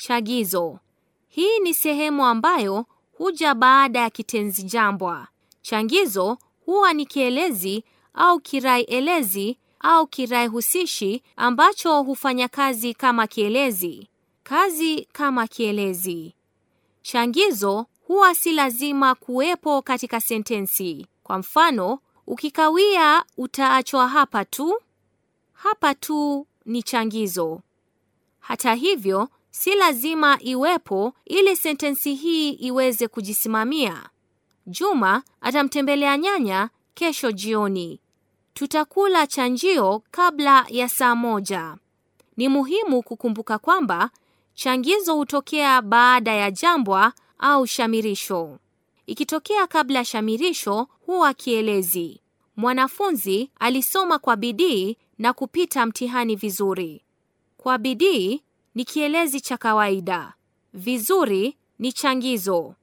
Chagizo: hii ni sehemu ambayo huja baada ya kitenzi jambwa. Changizo huwa ni kielezi au kirai elezi au kirai husishi ambacho hufanya kazi kama kielezi. Kazi kama kielezi. Changizo huwa si lazima kuwepo katika sentensi. Kwa mfano, ukikawia utaachwa hapa tu. Hapa tu ni changizo. Hata hivyo, si lazima iwepo ili sentensi hii iweze kujisimamia. Juma atamtembelea nyanya kesho jioni. Tutakula chanjio kabla ya saa moja. Ni muhimu kukumbuka kwamba changizo hutokea baada ya jambwa au shamirisho. Ikitokea kabla ya shamirisho huwa kielezi. Mwanafunzi alisoma kwa bidii na kupita mtihani vizuri. Kwa bidii ni kielezi cha kawaida. Vizuri ni changizo.